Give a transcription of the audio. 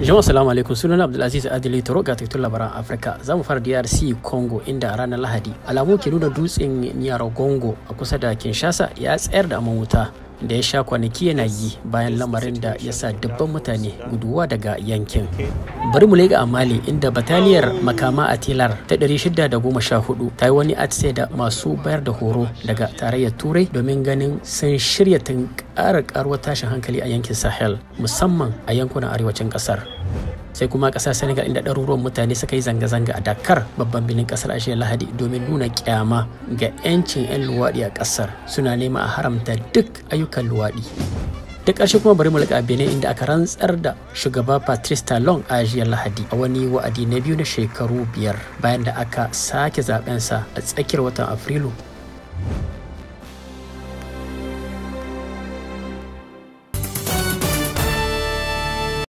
jama'a salamu alaikum sunan abdulaziz adili taro ga tattun labaran afirka za fara drc congo inda ranar lahadi alamu ke nuna dutsen nyaragongo a kusa da kinshasa ya tsayar da aman wuta da ya sha kwanaki yana yi bayan lamarin da ya sa dubban mutane guduwa daga yankin bari mu lega a mali inda bataliyar makama a tilar ta 614 ta yi wani atse da masu bayar da horo daga tarayyar turai domin ganin sun shirya tun ƙara ƙaruwar tashin hankali a yankin sahel musamman a yankunan arewacin ƙasar sai kuma ƙasar senegal inda ɗaruruwan mutane suka yi zanga-zanga a dakar babban birnin ƙasar ashirin lahadi domin nuna kyama ga 'yancin 'yan luwaɗi a ƙasar suna nema a haramta duk ayyukan luwaɗi Duk ƙarshe kuma bari mu a benin inda aka rantsar da shugaba patrice talon a jiyar lahadi a wani wa'adi na biyu na shekaru biyar bayan da aka sake zaɓensa a tsakiyar watan afrilu